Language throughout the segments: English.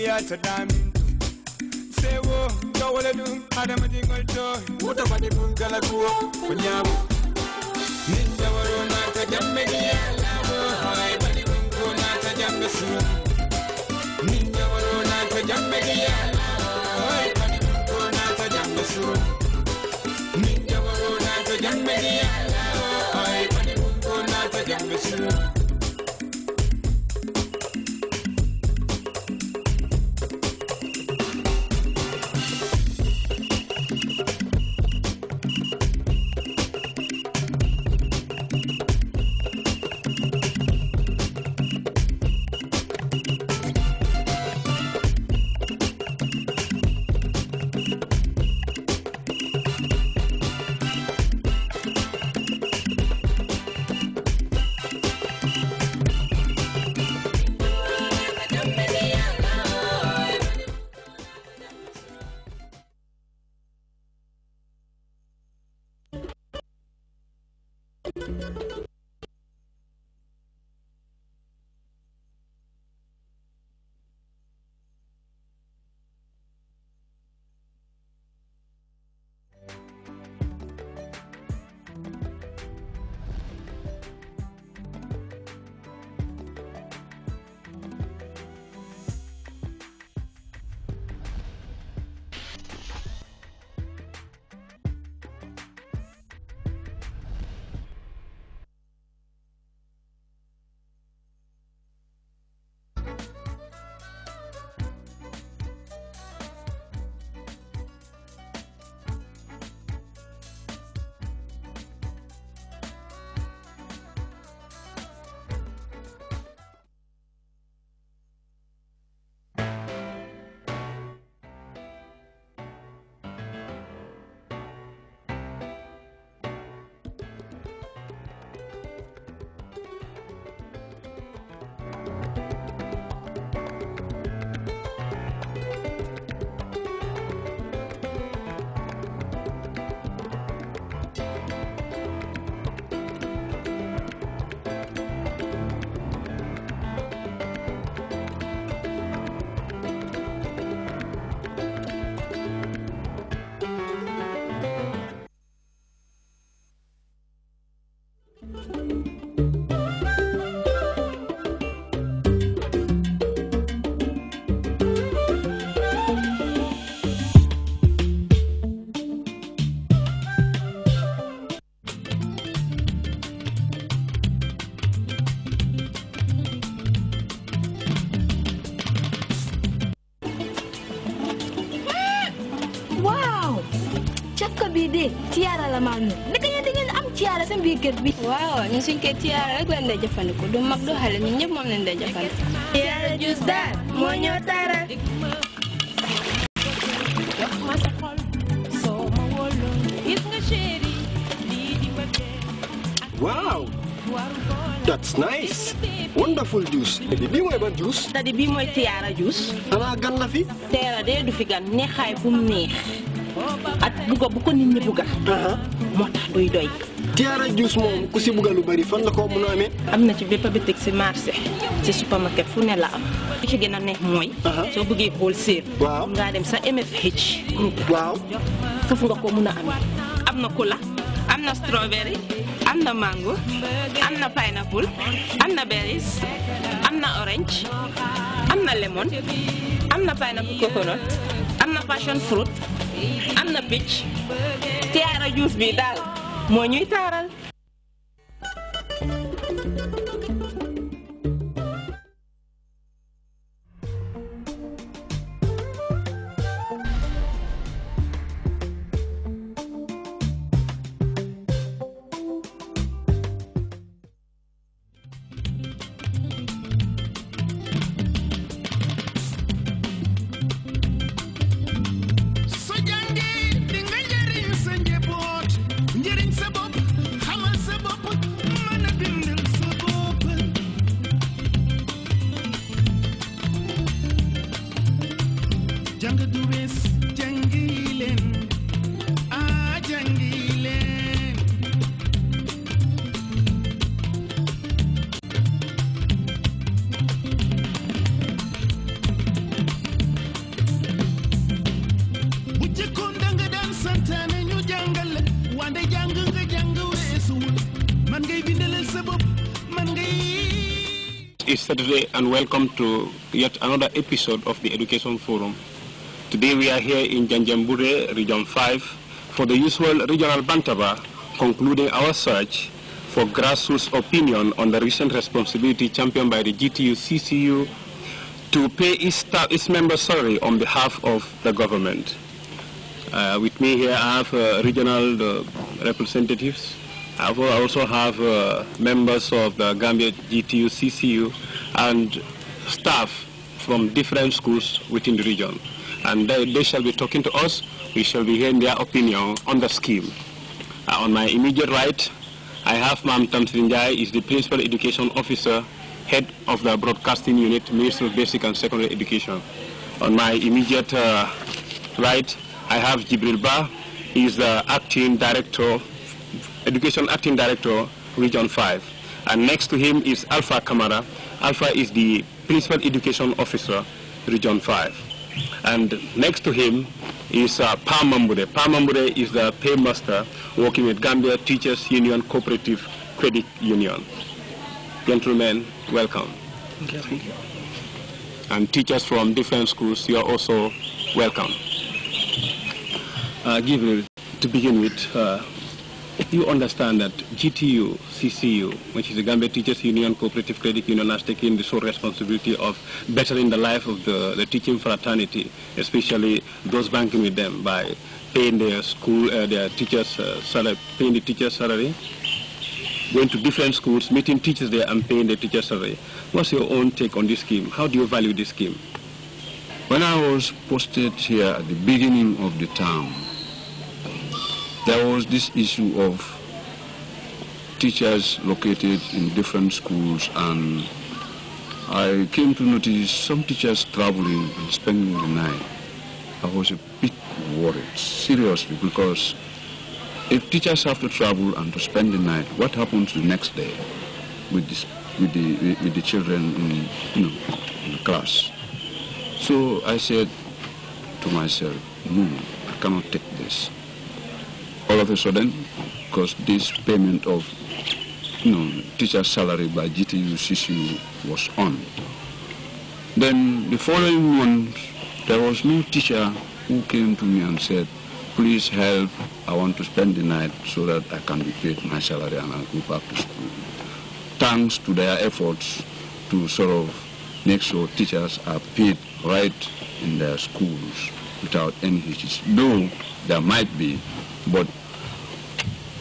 wiyata damin sewo ɗo wole ɗum adama ɗigol to wuta waɗi mum gala kuwo ko ñaawo min jawaro nata jamme ɗiya lawo hay waɗi ɗum ko nata jamme suwo de tiara la maa ñëw naka ngeen dañu am tiara sen bi kër bi waaw ñu suñ ke tiara rek lañ day jëfandiku du mag du xale ñun ñëpp mom lañ day jëfandiku tiara jus daal mo ñëw tara Wow, that's nice. Wonderful juice. Tadi bimoy ban juice. tadi bimoy tiara juice. xanaa gan la fi. teera dee du fi gan neexaay neex. bugga bu ko nit ñi bugga moo tax duy am na ci bépp bitik si marché si supermarket fu ne la am lu ci gën a neex mooy soo bëggee xool séer waaw ngaa dem sa MFH groupe waaw foofu nga ko mun a amee am na cola am na strawberry am na mango am na pineapple am na berries am na orange am na lemon am na pineapple coconut am na passion fruit a picc tiyaara juus bi daal moo ñuy taaral jàng nga ñu jàngal wande jàng nga jàng man ngay sa man ngay It's Saturday and welcome to yet another episode of the Education Forum. Today we are here in Janjambure, Region 5, for the usual regional bantaba, concluding our search for grassroots opinion on the recent responsibility championed by the GTU CCU to pay its, staff, its members salary on behalf of the government. Uh, with me here I have uh, regional uh, representatives. I uh, also have uh, members of the Gambia GTU CCU and staff from different schools within the region and they, they, shall be talking to us. We shall be hearing their opinion on the scheme. Uh, on my immediate right, I have Ma'am Tamsrinjai, is the Principal Education Officer, Head of the Broadcasting Unit, Ministry of Basic and Secondary Education. On my immediate uh, right, I have Jibril Ba, is the Acting Director, Education Acting Director, Region 5. And next to him is Alpha Kamara. Alpha is the Principal Education Officer, Region 5. And next to him is uh, Pamambure. Pamambure is the paymaster working with Gambia Teachers Union Cooperative Credit Union. Gentlemen, welcome. Okay, thank you. And teachers from different schools, you are also welcome. Uh, give to begin with, uh, you understand that GTU, CCU, which is the Gambia Teachers Union, Cooperative Credit Union, has taken the sole responsibility of bettering the life of the, the teaching fraternity, especially those banking with them by paying their school, uh, their teachers' uh, salary, paying the teachers' salary, going to different schools, meeting teachers there and paying the teachers' salary. What's your own take on this scheme? How do you value this scheme? When I was posted here at the beginning of the term, there was this issue of teachers located in different schools and I came to notice some teachers traveling and spending the night. I was a bit worried, seriously, because if teachers have to travel and to spend the night, what happens the next day with, this, with, the, with the children in, you know, in the class? So I said to myself, no, I cannot take this all of a sudden, because this payment of you know, teacher's salary by GTU CCU was on. Then the following month, there was no teacher who came to me and said, please help, I want to spend the night so that I can be paid my salary and I'll go back to school. Thanks to their efforts to sort of make sure teachers are paid right in their schools without any hitches, though there might be, but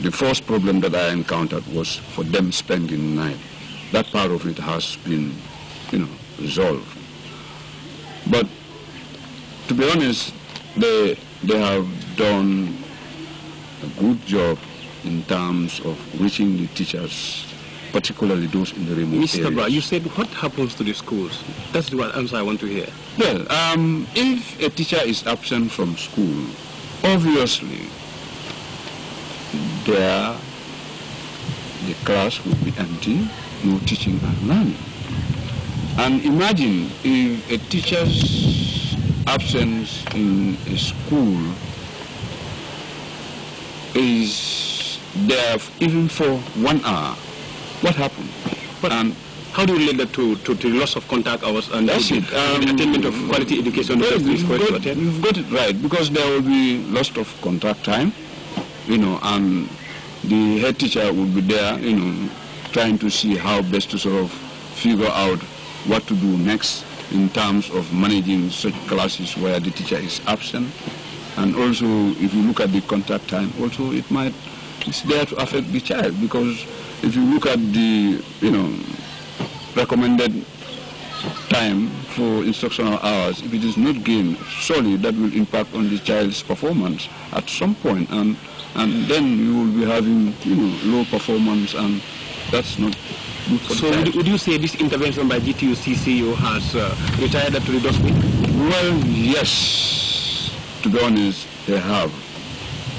the first problem that I encountered was for them spending the night. That part of it has been, you know, resolved. But to be honest, they, they have done a good job in terms of reaching the teachers, particularly those in the remote Mr. areas. Bra, you said what happens to the schools? That's the answer I want to hear. Well, um, if a teacher is absent from school, obviously there the class will be empty, no teaching and learning. And imagine if a teacher's absence in a school is there even for one hour, what happened? But and how do you relate that to, to, to the loss of contact hours and that's it, um, the attainment of quality education? you've, got, you've got it right, because there will be loss of contact time, you know, and the head teacher would be there, you know, trying to see how best to sort of figure out what to do next in terms of managing such classes where the teacher is absent. And also, if you look at the contact time, also it might, it's there to affect the child because if you look at the, you know, recommended time for instructional hours, if it is not gained, surely that will impact on the child's performance at some point. And and then you will be having you know low performance, and that's not good for so the child. would you say this intervention by GTUCCU has uh, retired the to dustbin? Well, yes. To be honest, they have.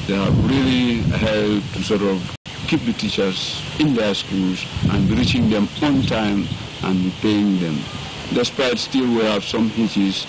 They have really helped to sort of keep the teachers in their schools and reaching them on time and paying them. Despite still we have some hitches